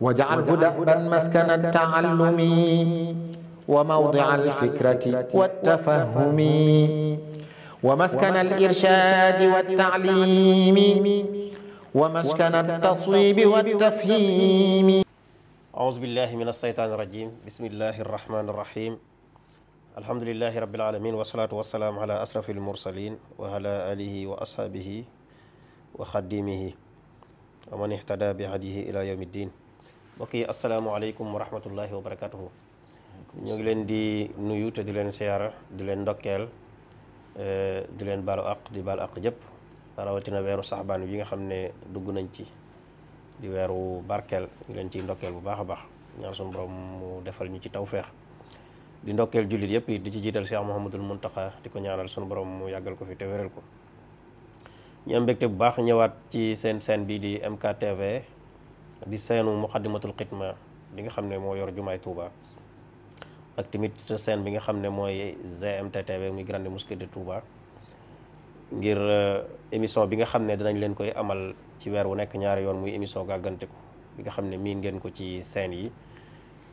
واجعله دأبا مسكن التعلم وموضع الفكرة والتفهم ومسكن الإرشاد والتعليم ومسكن التصويب والتفهيم أعوذ بالله من الشيطان الرجيم بسم الله الرحمن الرحيم الحمد لله رب العالمين والصلاة والسلام على أشرف المرسلين وعلى آله وأصحابه وخديمه ومن اهتدى بهديه إلى يوم الدين mbokk yi asalaamaaleykum wa rahmatullahi wa barakatuhu ñu ngi leen di nuyu te di leen siyaara di leen ndokkeel eh, di leen baalu àq di baalu àq jëpp rawatina weeru saxbaan bi nga xam ne dugg nañ ci di weeru barkeel ñu leen ciy ndokkeel bu baax a baax ñaan suñu borom mu defal ñu ci tawféex di ndokkeel jullit yëpp di ci jiital Cheikh Mouhamadul Muntaxa di ko ñaanal suñu borom mu yàggal ko fi te wéral ko ñu am mbégte bu baax ñëwaat ci seen seen bi di MKTV di seenu muqaddimatul xidma bi nga xam ne moo yor jumaay Touba ak tamit seen bi nga xam ne mooy GMTTV muy grande mosquée de Touba ngir euh, émission bi nga xam ne dinañ leen koy amal ci weer wu nekk ñaari yoon muy émission gàggantiku bi nga xam ne miin ngeen ko ci seen yi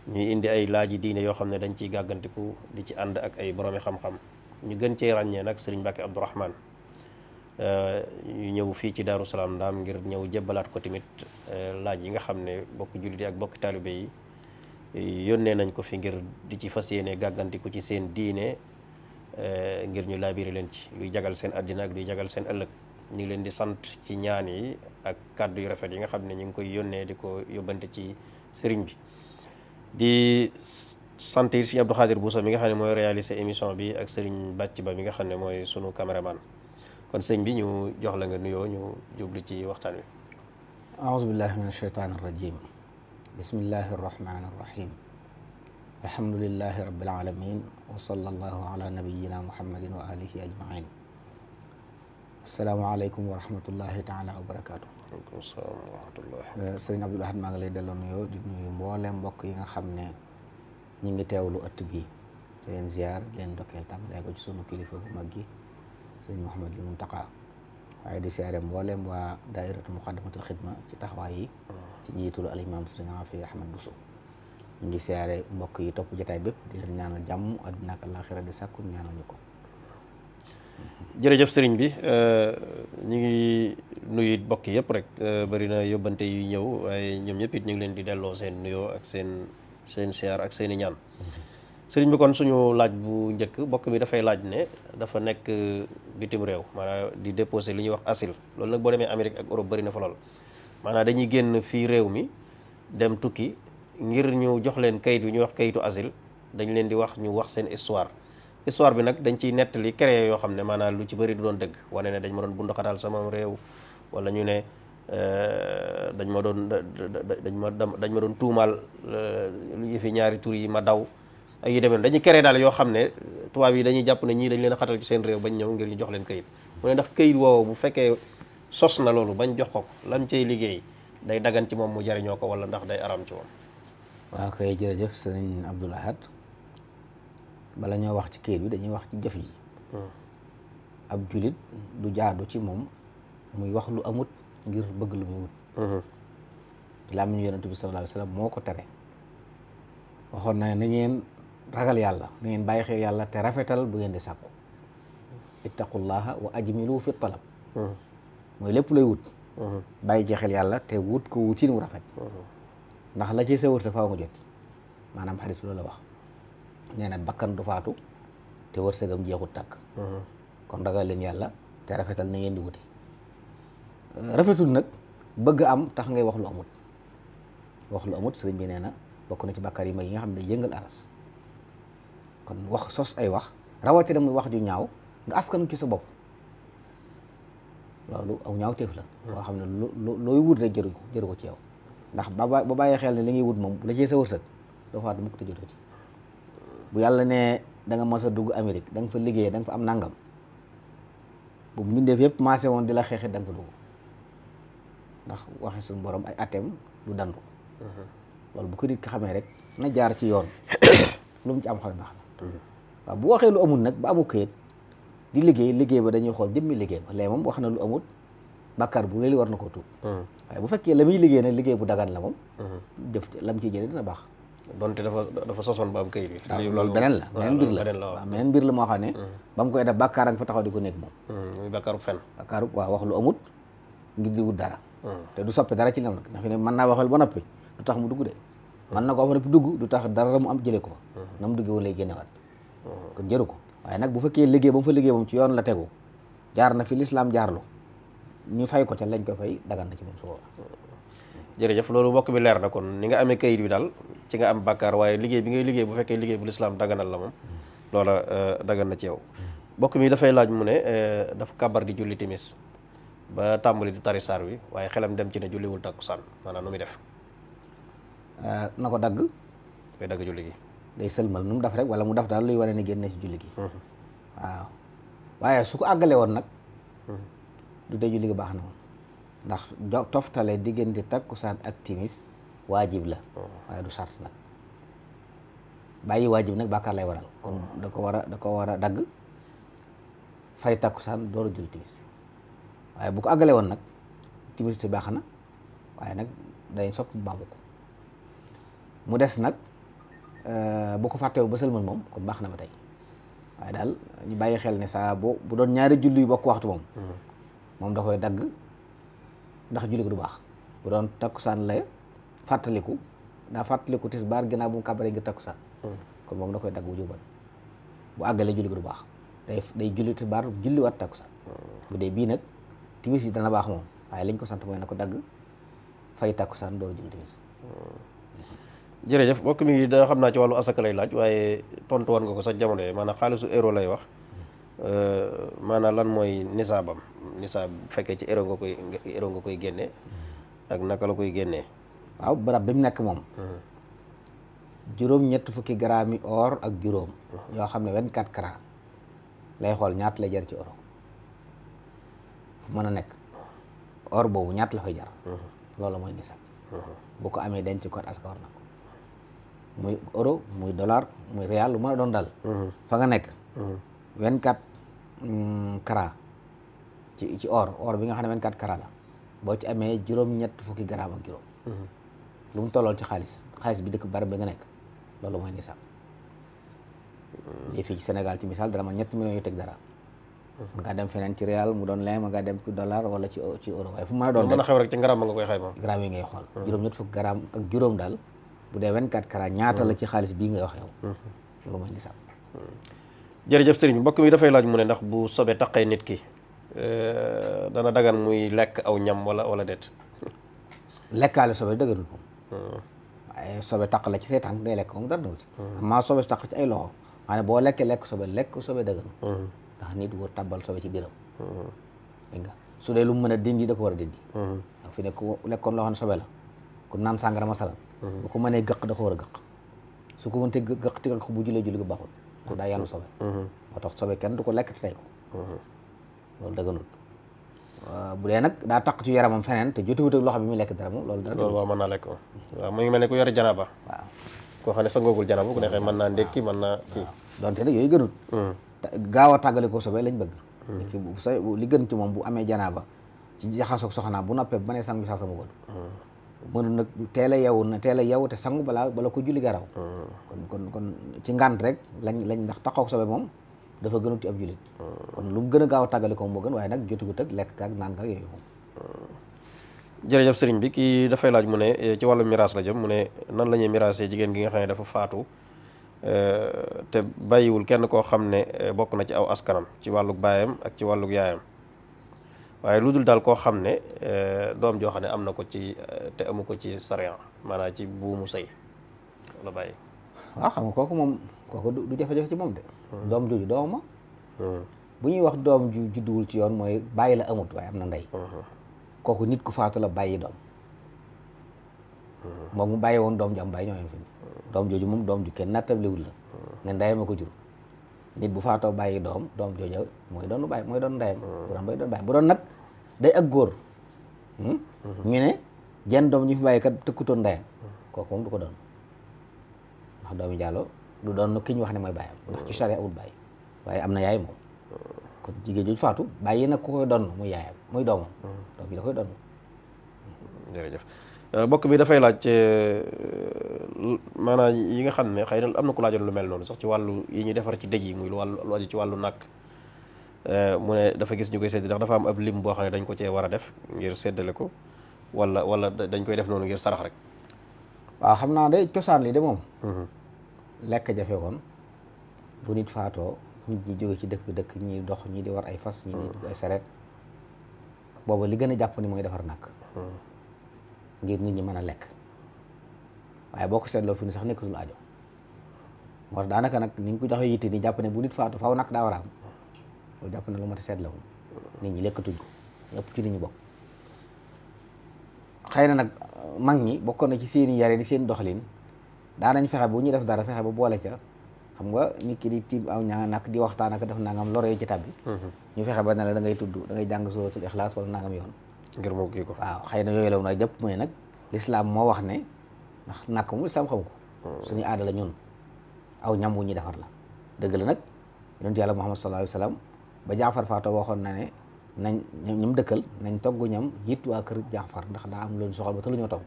ñuy indi ay laaj laaji diine yoo xam ne dañ ciy gàggantiku di ci ànd ak ay boroomi xam-xam ñu gën cee ràññee nag Serigne Mbacke Abdourahmane ñu ñëw fii ci Daaru Salaam ndaam ngir ñëw jébbalaat ko tamit euh, laaj yi nga xam ne bokk jullit yi ak bokk taalibe yi yónnee nañ ko fi ngir di ci fas yéene gàggantiku ci seen diine euh, ngir ñu laabiri leen ci luy jagal seen àddina ak luy jagal seen ëllëg ñu ngi leen di sant ci ñaan yi ak kàddu yu rafet yi nga xam ne ñu ngi koy yónnee di ko yóbbante ci sëriñ bi di sant yi Sëriñ Abdou Khadir Bousso mi nga xam ne mooy réaliser émission bi ak sëriñ bàcc ba mi nga xam ne mooy sunu caméraman kon sëñ bi ñu jox la nga nuyoo ñu jublu ci waxtaan wi aouzu billahi min asheytaani arrajim bismillahi arrahmani arrahim alhamdulilahi rabbil alamin wa sallallahu ala nabiyina muhammadin wa alihi ajmain asalaamaaleykum wa rahmatullahi taala wa barakaatu sëriñ Abdul Ahad maa ngi lay delloo nuyoo di nuyu mboole mbokk yi nga xam ne ñi ngi teewlu ëtt bi di leen ziar di leen ndokkeel tam lay ko ci sunu kilifa bu mag gi sëñ Mouhamadul Muntaqa waaye di siyaare mboolem waa daairatu muqaddamatul xidma ci taxawaay yi ci njiitul al imam sëñ Afi Ahmad Bousso ñu ngi siyaare mbokk yi topp jotaay bépp di leen ñaanal jàmm àdduna ak àllaaxira di sàkku ñaanal ñu ko jërëjëf sëriñ bi euh, ñu ngi nuyu mbokk yëpp rek euh, bari na yóbbante yu ñëw waaye ñoom ñëpp it ñu ngi leen di delloo seen nuyoo ak seen seen siyaar ak seen i ñaan sëriñ bi kon suñu laaj bu njëkk mbokk mi dafay laaj ne dafa nekk uh, bitim réew maanaam di déposé li ñuy wax asile loolu nag boo demee Amérique ak Europe bëri na fa lool maanaam dañuy génn fii réew mi dem tukki ngir ñu jox leen kayit yu ñuy wax kayitu asile dañ leen di wax ñu wax seen histoire histoire bi nag dañ ciy nettali créé yoo xam ne maanaam lu ci bari du doon dëgg wane ne dañ ma doon bundaxataal sama réew wala ñu ne uh, dañ ma doon dañ ma dañ ma doon tuumaal uh, yëfi ñaari tur yi ma daw ak yu demee dañuy créé daal yoo xam ne tubaab yi dañuy jàpp na ñii dañ leen xatal ci seen réew bañ ñëw ngir ñu jox leen këyit mu ne ndax këyit woowu bu fekkee sos na loolu bañ jox ko ko lam cay liggéey day dagan ci moom mu jariñoo ko wala ndax day aram ci waaw kay jërëjëf sëriñ Abdoul Ahad ñoo wax ci këyit bi dañuy wax ci jëf yi hmm. ab jaadu ci moom muy wax lu amut ngir bëgg lu muy wut hmm. làmmiñu yonent bi sallallahu alayhi wa sallam moo ko tere waxoon na ne ngeen ragal yàlla na ngeen bàyyi xel yàlla te rafetal bu ngeen di sàkku ittaqullaha wa ajmilu fi talab mooy lépp lay wut bàyyi ci yàlla te wut ko wutin wu rafet ndax la ci sa wërsëg faaw nga jot maanaam xadis loolu la wax nee na bakkan du faatu te wërsëgam jeexut takk kon ragal leen yàlla te rafetal na ngeen di wute rafetul nag bëgg am tax ngay wax lu amut wax lu amut sëriñ bi nee na bokk na ci bàkkaar yi mag yi nga xam ne day yëngal aras kon wax sos ay wax rawatina muy wax ju ñaaw nga askan ki sa bopp loolu aw ñaaw téef la loo xam ne looy wut rek jëru jëru ko ci yow ndax ba ba bàyyi xel ne li ngay wut moom la cee sa wërsëg doo faatu mukk te jotoo ci bu yàlla ne da nga mos a dugg Amérique da nga fa liggéey da nga fa am nangam bu mbindeef yëpp maase woon di la xeexit da nga fa dugg ndax waxe suñ borom ay atem du dandu loolu bu ko nit ki xamee rek na jaar ci yoon lu mu ci am xam baax Mm. waaw bu waxee lu amul nag ba amul këyit di liggéey liggéey ba dañuy xool jëmmi liggéey ba léegi moom wax na lu amul bàkkaar bu léegi war na koo tuub mm. waaye bu fekkee la muy liggéey na liggéey bu dagan la moom def mm-hmm. lam ciy jëlee dina baax doon dafa dafa sosoon ba am këyit bi waaw loolu la beneen mbir la la moo xam ne mm-hmm. ba mu koy def bàkkaar a nga fa taxaw di ko nekk moom mm-hmm, bàkkaaru fen bàkkaaru waaw wax lu amut ngir di wut dara te du soppi dara ci lam nag dafa ne man naa waxal ba noppi lu tax mu dugg de man na ko afa na dugg du tax dara mu am jëlee ko fa na mu duggee woon lay génnewaat kon jëru ko waaye nag bu fekkee liggéey ba mu fa liggéey moom ci yoon la tegu jaar na fi lislaam jaarlu ñu fay ko ca lañ ko fay dagan ci moom su loolu mbokk bi leer na kon ni nga amee kayit wi daal ci nga am bàkkaar waaye liggéey bi ngay liggéey bu fekkee liggéey bu lislaam daganal la moom loola euh, dagan na ci yow mbokk mi dafay laaj mu ne euh, dafa kabar di julli timis ba tàmbali di tari saar wi waaye xelam dem ci ne julliwul takkusaan maanaam nu muy def Euh, na ko dagg. day dagg julli day sëlmal nu mu def rek wala mu def daal luy waree ni génne ci julli gi. Mhm. waaw waaye su ko àggale woon nag. Mhm. du tey julli gi baax na moom ndax toftale diggante takkusaan ak timis waajib la. Mhm. waaye du sart nag bàyyi waajib nag bàkkaar lay waral. kon da ko war a da ko war a dagg fay takkusaan door a julli timis waaye bu ko àggale woon nag timis te baax na waaye nag day sopp baamu ko. mu des nag euh, bu ko fàttewu ba sëlmal moom kon baax na ba tey waaye daal ñu bàyyi xel ne saa bo bu doon ñaari julli yu bokk waxtu moom mm-hmm. moom da koy dagg ndax julli du baax bu doon takkusaan la fàttaliku daa fàttaliku tisbaar ginnaaw bu mu kàbbaree ngir takkusaan mm-hmm. kon moom da koy dagg bu jóban bu àggalee julli ko du baax day day julli baar julli waat takkusaan mm-hmm. bu dee bii nag timis yi dana baax moom waaye lañ ko sant mooy na ko dagg fay takkusaan door julli timis jërëjëf mbokk mi da xam naa ci wàllu asaka lay laaj waaye tontu woon nga ko sax jamono yi maanaam xaalisu euro lay wax euh, maanaam lan mooy nisaabam nisaab bu fekkee ci euro nga koy euro koy génnee ak naka la koy génne waaw barab bi mu nekk moom hmm. juróom ñett fukki grammes yi or ak juróom hmm. yoo xam ne 24 carats lay xool ñaata la jar ci oro fu mën a nekk or boobu ñaata la fay jar hmm. loolu mooy nisaab bu ko amee denc ko asaka war na muy euro muy dollar muy réal lu mën a doon dal mhm. fa nga nekk. 24 mhm. mm, carats ci ci or or bi nga xam ne 24 carats la boo ci amee juróom-ñett fukki grammes ak juróom. Mhm. lu mu tollool ci xaalis xaalis bi dëkk barab bi nga nekk loolu mooy nisaab. lii fii ci Sénégal ci misaal dara man ñetti millions yu teg dara. mën ngaa dem feneen ci réal mu doon lin mën dem dollar wala ci euro waaye fu mu mën a doon. mën a xew rek nga koy xayma. gramme yi ngay xool. ak juróom daal. bu dee 24 carats ñaata la hmm. ci xaalis bii ngay wax yow hmm. loolu mooy nisaab hmm. jërëjëf sëriñ bi mbokk mi dafay laaj mu ne ndax bu sobee taqee nit ki euh, dana dagan muy lekk aw ñam wala wala déet lekkaale sobe dëgganul moom waaye taq la ci say tànk ngay lekk moom dara naw ci amaa sobe taq ci ay loxo maanaam boo lekkee lekk sobe lekk sobe dëgganul ndax nit wóor tabbal sobe ci biiram dégg su dee lu mu mën a dindi da ko war a dindi ndax fi ne ku lekkoon loo xam ne sobe la ku naan sàngara masalan bu ko mënee gëq da ko a gëq su ko mënte gëq tegal ko bu julee julli ga baaxul ndax ah. daa yaanu sobe mhm. moo tax kenn du ko lekk te tey ko mhm. loolu dëgganul bu dee nag daa taq ci yaramam feneen te jotewut ak loxo bi mu lekk dara moom loolu dara loolu waaw mën naa lekk waaw mu mel ne ku yore janaaba waaw koo xam ne sangoogul janaaba ku neexee mën naa ndékki mën naa kii donte nag yooyu gënut mhm. gaaw a tàggale ko sobe lañ bëgg ki bu sa li moom bu amee janaaba ci jaxasoog soxna bu noppee bu mënee sangu saa sama mënul nag teel a yeewu na teel a yeewu te sangu balaa bala ko julli garaw hmm. kon kon ci ngant rek lañ lañ ndax taxaw sobe moom dafa gënu ci ab jullit hmm. kon lu mu gën a gaaw a tàggale ko moo gën waaye nag jotugut ak lekk kaak naan kaak yooyu moom hmm. jërëjëf sëriñ bi kii dafay laaj mu ne eh, ci wàllu miraas la jëm mu ne nan la ñuy miraasee jigéen gi nga xam ne dafa faatu eh, te bàyyiwul kenn koo xam ne eh, bokk na ci aw askanam ci wàlluk baayam ak ci wàlluk yaayam waaye lu dul daal koo xam ne euh, doom joo xam ne am na ko ci te amu ko ci sariya maanaam ci buumu sëy la bàyyi. waaw ah, xam nga kooku moom kooku du jafe-jafe ci moom de. Hmm. doom jooju dooma hmm. bu ñuy wax doom ju judduwul ci yoon mooy bàyyi la amut waaye am na ndey. Hmm. kooku nit ku faatu la bàyyi doom. moom mu bàyyi woon doom ju am bàyyi ñoo yem fi doom jooju moom doom ju kenn nattablewul la. ne ndeyam a ko jur. nit bu faatoo bàyyi doom doom jooja mooy doon bàyyi mooy doon ndeyam. Mm. bu doon bay doon bàyyi nag day ak góor. Hmm? Mm-hmm. ñu ne jenn doom ñu fi bàyyi kat tëkkutoon ndeyam kooku moom du ko doon ndax doomi jàllo du doon ki ñu wax ne mooy bàyyam ndax ci charia awut bàyyi waaye am na yaay moom. kon jigéen jooju faatu bàyyi nag ku koy doon muy yaayam muy doomam. Mm. doom bi da koy doon. jërëjëf. mbokk euh, bi dafay laaj euh, maanaam yi nga xam ne xëy na am na ku laajoon lu mel noonu sax ci wàllu yi ñuy defar ci dëj yi muy lu wàllu lu aju ci wàllu nàkk euh, mu ne dafa gis ñu koy sedd ndax dafa am ab lim boo xam ne dañ ko cee war a def ngir séddale ko wala wala dañ koy def noonu ngir sarax rek. waaw xam naa day cosaan li de moom. Mhm. lekk jafe woon bu nit faatoo ñu ñi jóge ci dëkk dëkk ñi dox ñi di war ay fas ñi di mhm. ay sareet booba li gën a jàpp ni mooy defar nàkk. Mhm. ngir nit ñi mën a lekk waaye boo ko seetloo fi ni sax nekkatul aajo moo tax daanaka nag ni ñu ko joxee yitte ni jàpp ne bu nit faatu nag daa war a am loolu mat a seetloo nit ñi lekkatuñ ko ñëpp ci nit ñi xëy na nag uh, ñi bokkoon na ci seeni yare di seen doxalin daanañ fexe bu ñu def dara fexe ba boole ca xam nga nit ki di tiim aw ñaa di waxtaan ak def nangam loro yi ci tab bi mm-hmm. ñu fexe ba ne la da ngay tudd da ngay jàng suratul ixlaas wala nangam yoon ngir mu kii ko waaw xëy na yooyu la mën a jàpp mais nag lislaam moo wax ne ndax nàkk mu lislaam xaw ko hmm. suñu aada la ñun aw ñam wu ñuy defar la dëgg la nag yonent yàlla muhammad sallallahu alayhi wa sallam ba jaafar faata waxoon na ne nañ ñum dëkkal nañ togg ñam yit waa kër jaafar ndax daa am loon soxal ba te lu ñoo togg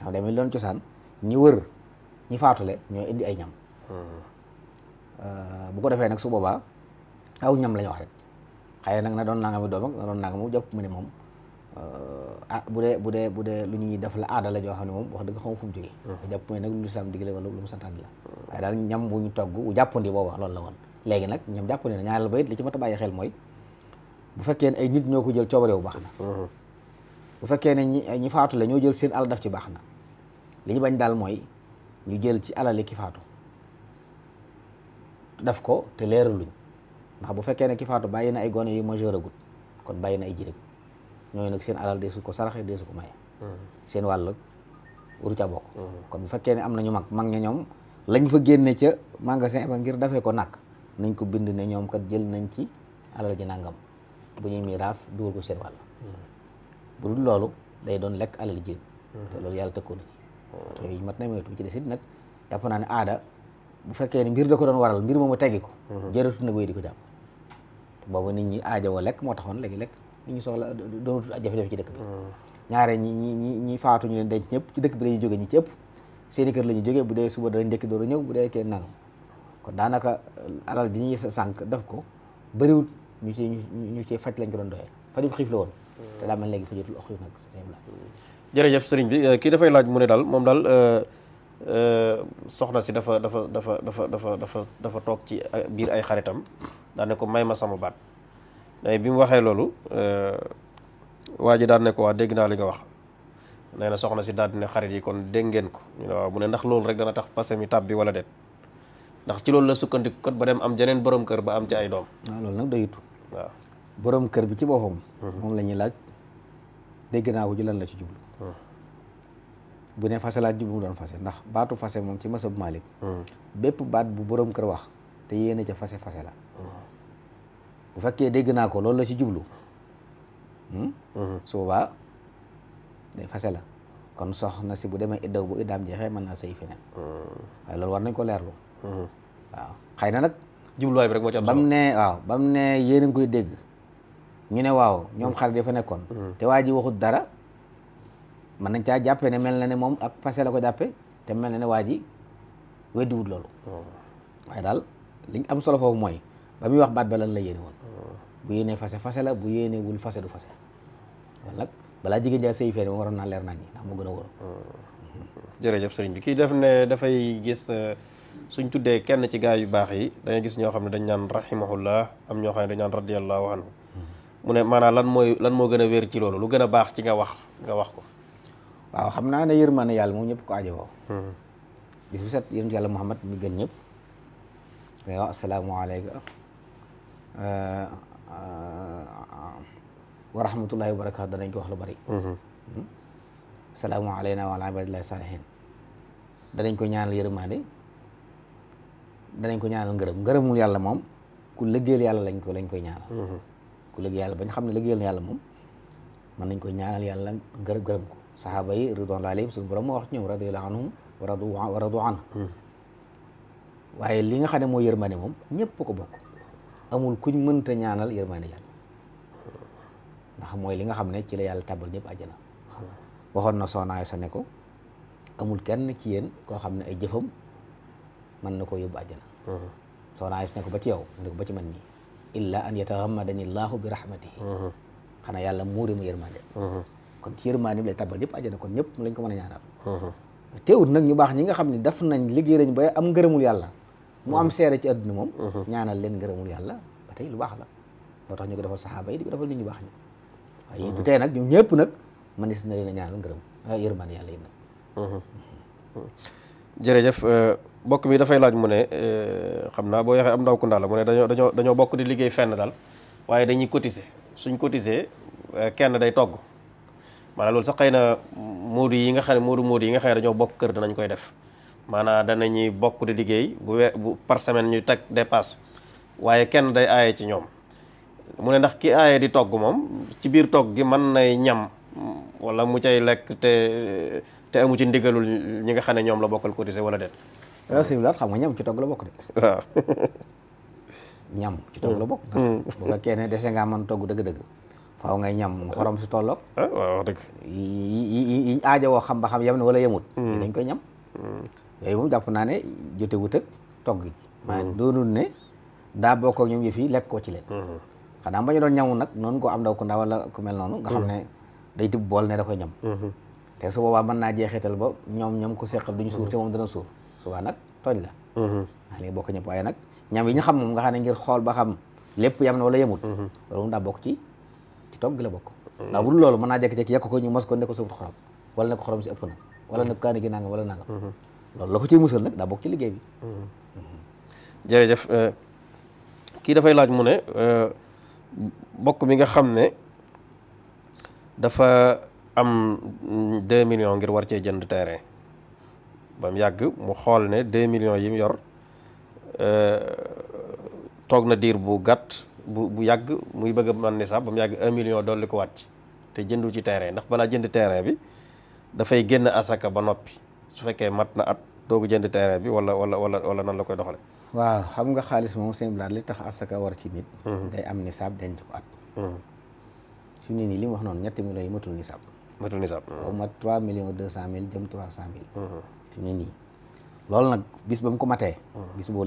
ndax demee loon cosaan ñi wër ñi faatule ñoo indi ay ñam hmm. euh, bu ko defee nag su boobaa aw ñam la ñu wax rek xëy nag na doon nangami doom ak na doon nangamu jàpp mu ne moom Euh, a ah, bu dee bu dee bu dee lu ñuy def la aada la joo xam ne moom wax dëgg xaw ma fu mu jógee hmm. jàpp mooy nag lu lislaam digle wala lu mu santaani la waaye daal ñam bu ñu togg bu jàppandi booba loolu la woon léegi nag ñam jàppandi na ñaareel ba it li ci mat a xel mooy bu fekkee ne ay nit ñoo ko jël coobare bu baax na hmm. bu fekkee ne ñi ñi faatu la ñoo jël seen alal def ci baax na li ñu bañ daal mooy ñu jël ci alal ki faatu def ko te leeraluñ ndax bu fekkee ne ki faatu bàyyi na ay gone yu majeure agut kon bàyyi na ay jirim ñooñu nag seen alal deesu ko saraxe deesu ko maye. Hmm. seen wàll waru ca bokk. Hmm. kon bu fekkee ne am na ñu mag mag ña ñoom lañ fa génne ca magasin ba ngir dafee ko nag nañ ko bind ne ñoom kat jël nañ ci alal ji nangam bu ñuy miiras dugal ko seen wàll. Hmm. bu dul loolu day doon lekk alal ji. te loolu yàlla tëkkoon na ci. te yooyu mat na moytu ci des it nag jàpp naa ne aada bu fekkee ne mbir da ko doon waral mbir moomu teggi ko. jërëtu nag wéy di ko jàpp. boobu nit ñi aaja woo lekk moo taxoon léegi lekk. ñu soxla doonatul ak jafe-jafe ci dëkk bi hmm. ñaare ñi ñi ñi ñi faatu ñu leen denc ñëpp ci dëkk bi la ñuy jóge ñi ci ëpp seeni kër la ñuy jógee bu dee suba danañ ndekki door a ñëw bu dee teen nanu kon daanaka euh, alal di ñuy sànq def ko bëriwut ñu ci ñu ci faj lañ ko doon doyee fajub xiif la woon hmm. te daa mel léegi fajatul ox xiif nag hmm. jërëjëf sëriñ bi euh, kii dafay laaj mu ne daal moom daal euh, soxna si dafa dafa dafa dafa dafa dafa dafa toog ci biir ay xaritam daane ko may ma sama baat mais bi mu waxee loolu euh, waa ji daan ne ko waa dégg naa li nga wax nee na soxna si daal di ne xarit yi kon dégg ngeen ko ñu ne waaw mu ne ndax loolu rek dana tax passé mi tàbbi wala déet ndax ci loolu la sukkandiku kot ba dem am jeneen borom kër ba am ci ay doom. waaw ah, loolu nag doyutu waaw borom kër bi ci boppam. Mhm. moom la ñuy laaj dégg naa ko ci lan la ci jublu. Mhm. bu ne fase laaj jublu mu doon fase ndax baatu fase moom ci masab Maalik. Mhm. bépp baat bu borom kër wax te yéene ca fase fase la. bu fekkee dégg naa ko loolu la ci jublu hmm? mhm. su boobaa day fase la kon soxna si bu demee iddaw bu iddaam jeexee mën naa sëy feneen hmm. war nañ ko leerlu mhm. xëy na nag jubluwaay bi rek moo ci bam ne waaw bam ne yéen a koy dégg ñu ne waaw ñoom xarit fa nekkoon mhm. te waa ji waxut dara mën nañ caa jàppe ne mel na ne moom ak passé la ko jàppe te mel na ne waa ji weddiwut loolu oh. waaye daal liñ am solo foofu mooy ba muy wax baat la lan la yéene woon bu yéenee fase fase la bu yéenee fase du fase wala nag balaa jigéen jaa sëy fee moom waroon naa leer nañ ñi ndax moo gën a wóor mm-hmm. jërëjëf sëriñ bi kii def ne dafay gis uh, suñ tuddee kenn ci gaa yu baax yi da gis ñoo xam ne dañ naan rahimahullah am ñoo xam ne dañ naan radiyallahu anhu mm-hmm. mu ne maanaam lan mooy lan moo gën a wér ci loolu lu gën a baax ci nga wax nga wax ko waaw xam naa ne yërmande yàlla moom ñëpp ko ajowoo mm-hmm. bis bu set yërmande yàlla muhammad mi gën ñëpp ngay wax asalaamaaleykum uh, wa rahmatullahi wa barakatu danañ ko wax lu bari mm-hmm. hmm? salaamu alayna wa ala ibadillahi salihin danañ ko ñaanal yërmande danañ ko ñaanal ngërëm ngërëmul yàlla moom ku liggéeyal yàlla lañ ko lañ koy ñaanal mm-hmm. ku liggéey yàlla bañ xam ne liggéeyal yàlla moom mën nañ koy ñaanal yàlla ngërëm gërëm ko saxaaba yi ridwanullahi alayhim suñu borom moo wax ñoom radiyallahu anhum wa radu wa radu an mm-hmm. waaye li nga xam ne moo yërmande moom ñëpp ko bokk amul kuñ mënta ñaanal yërmande yàlla ndax mooy li nga xam ne ci la yàlla tabal ñëpp ajana waxoon na soxnaayo sa ne amul kenn ki yéen koo xam ne ay jëfam mën na koo yóbbu àjjana soxnaayo sa ne ko ba ci yow mu ne ko ba ci man nii illa an yatahammadani llahu bi rahmatihi xanaa yàlla muuri mu yërmande kon ci yërmande lay tabal ñëpp àjjana kon ñëpp lañ ko mën a ñaanal teewut nag ñu baax ñi nga xam ne def nañ liggéey nañ ba am ngërëmul yàlla mu am seere ci àdduna moom ñaanal leen ngërëmul yàlla ba tey lu baax la moo tax ñu ko defal saxaaba yi di ko defal nit ñu baax ñi waaye du tey nag ñoom ñëpp nag mënees na leen a ñaanal ngërëm ah, yërmande yàlla yi nag jërëjëf euh, bokk bi dafay laaj mu ne euh, xam naa boo yaxee am ndaw kundaa la mu ne dañoo dañoo dañoo bokk di liggéey fenn daal waaye dañuy cotiser suñ cotiser euh, kenn day togg maanaam loolu sax xëy na moodu yi nga xam ne moodu moodu yi nga xam ne dañoo bokk kër danañ koy def maanaa danañuy bokk di liggéey bu we bu par semaine ñu teg dépasse waaye kenn day aaye ci ñoom mu ne ndax ki aaye di togg moom ci biir togg gi mën nay ñam wala mu cay lekk te te amu ndigalul ñi nga xam ne ñoom la bokkal cotisé wala déet. waaw sëñ bi xam nga ñam ci togg la bokk de. waaw. ñam ci togg la bokk. Mm. Mm. bu fekkee ne dese ngaa mën togg dëgg-dëgg. faaw ngay ñam xorom si tolloog. ah waaw dëgg. yi yi aaja woo xam ba xam yem na wala yemut. Mm. dañ koy ñam. yooyu moom jàpp naa ne jote wut ak togg gi. maanaam doonul ne daa bokk ñoom yëf yi ci leen. xanaa ba ñu doon ñamu nag noonu ko am ndaw ku ndaw wala ku mel noonu nga xam ne day tibb bool ne da koy ñam mhm. te su boobaa mën naa jeexital ba ñoom ñoom ko seqal duñu suur te moom dana suur subaa nag tooñ la waa mhm. léegi bokk ñëpp waaye nag ñam yi ñu xam moom nga xam xool ba xam lépp yam na wala yemut mhm. loolu moom daa ci ci la bokk ndax bu dul loolu mën naa jékki-jékki yàq ko ñu mos ko ne ko safut xorom wala ne ko xorom si ëpp na wala ne ko kaani gi nangam wala nangam loolu la ko ciy musal nag daa bokk ci liggéey bi euh, kii dafay laaj mu ne euh, bokk bi nga xam ne dafa am deux millions ngir war cee jënd terrain ba mu yàgg mu xool ne deux millions yi mu yor euh, toog na diir bu gàtt bu bu yàgg muy bëgg man ni sax ba mu yàgg un million dolli ko wàcc te jëndu ci terrain ndax balaa jënd terrain bi dafay génn asaka ba noppi su fekkee mat na at doogu jënd terrain bi wala wala wala wala nan la koy doxale waaw xam nga xaalis moom seen blaat li tax asaka war ci nit. Hmm. day am nisaab denc ko at. Hmm. su ne nii li wax noonu ñetti millions yi matul nisaab. matul nisaab waaw hmm. ma cent mille jëm trois cent su ne loolu nag bis ba mu ko matee. bis boo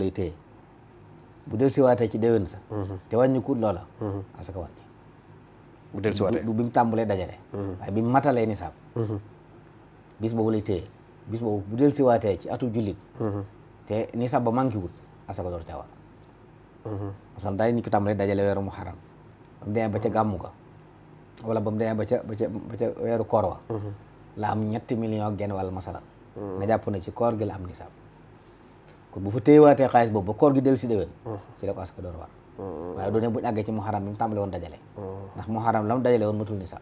bu del ci déwén sa. te wàññi kuut loola. asaka war ci. bu del siwaatee du bi mu tàmbalee dajale. waaye bi mu matalee nisaab. bis boobu lay téye bis boobu bu del siwaatee ci atu jullit. te nisaab ba manqué wut. asaka door caa war mm-hmm. parce que daay nit ko tàmbalee dajale weeru muharram ba mu demee ba ca mm-hmm. gàmmu ga ba mu ba ca ba ca mm-hmm. la am ñetti million genn wàll masala na jàpp ne ci koor gi la am nisaab kon bu fa téyewaatee xaalis boobu ba koor gi dellu si déwén ci la ko asaka door war waaye doone buñ àggee ci muharram bi mu tàmbale woon dajale ndax muharram la mu dajale woon matul nisaab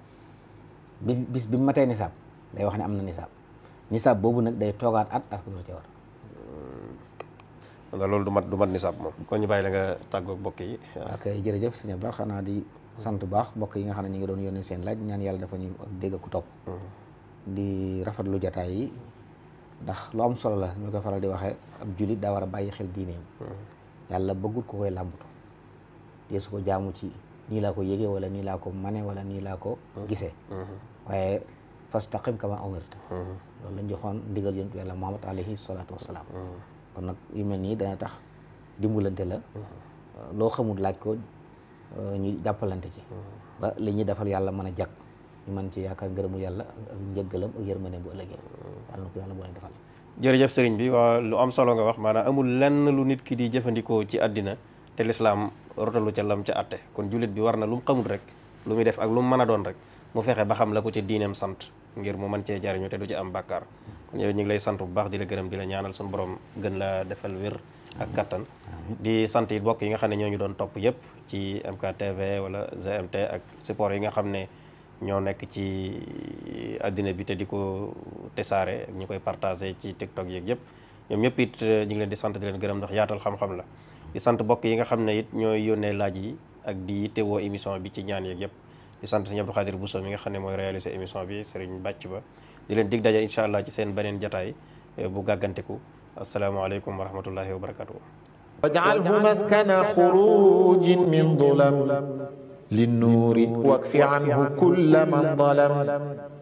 bi bis bi mu matee nisaab day wax ne am na nisaab nisaab boobu nag day toogaat at asaka door caa war ndax loolu du mat du mat nisaab moom kon ñu bàyyi la nga tàggoog mbokk yi ak jërëjëf sëñ Abdou xanaa di sant baax bokk yi nga xam ne ñu ngi doon yónnee seen laaj ñaan yàlla dafa ñu dégg ku topp mm-hmm. di rafetlu jataay yi ndax lu am solo la ñu ko faral di waxee ab jullit daa war a bàyyi xel diineem mm-hmm. yàlla bëggut ko koy làmbatu dee su ko jaamu ci nii laa ko yégee wala nii laa ko mane wala nii laa ko mm-hmm. gisee waaye fastaqim kama umirta loolu lañ joxoon ndigal yonent yàlla Muhammad alayhi salaatu kon nag yu mel nii dana tax dimbalante la mm-hmm. euh, loo xamul laaj ko euh, ñu jàppalante ci mm-hmm. ba li ñuy defal yàlla mën a jag ñu mën ci yaakaar ngërëmul yàlla ak njëggalam ak yërmande bu ëllëgee mm-hmm. yàlla na ko yàlla boole defal jërëjëf sëriñ bi waa lu am solo nga wax maanaam amul lenn lu nit ki di jëfandikoo ci àddina te lislaam rotalu ca lam ca atte kon jullit bi war na lu mu xamul rek lu muy def ak lu mu mën a doon rek mu fexe ba xam la ko ci diineem sant ngir mu mën cee jariñu te ci am bàkkaar kon ñu ngi lay sant bu baax di la gërëm di la ñaanal suñu borom gën la defal wér ak kattan di sant it bokk yi nga xam ne ñoo ñu doon topp yëpp ci wala GMT ak support yi nga xam ne ñoo nekk ci àddina bi te di ko tesaare ak ñu koy partagé ci TikTok yeeg yëpp ñoom ñëpp it euh, ñu ngi leen di sant di leen gërëm ndax yaatal xam-xam la di sant bokk yi nga xam ne it ñooy yónnee laaj yi ak di teewoo émission bi ci ñaan yeeg yëpp di sant Sëriñ Abdou Khadir Bousso mi nga xam ne mooy réaliser émission bi Sëriñ Bàcc Ba di leen dig daje incha allah ci seen beneen jataay eh, bu gàgganteku asalaamaaleykum wa rahmatullahi wa barakatuhu waj'alhu maskana xurujin min dulam linnuuri wakfi anhu kulla man dalam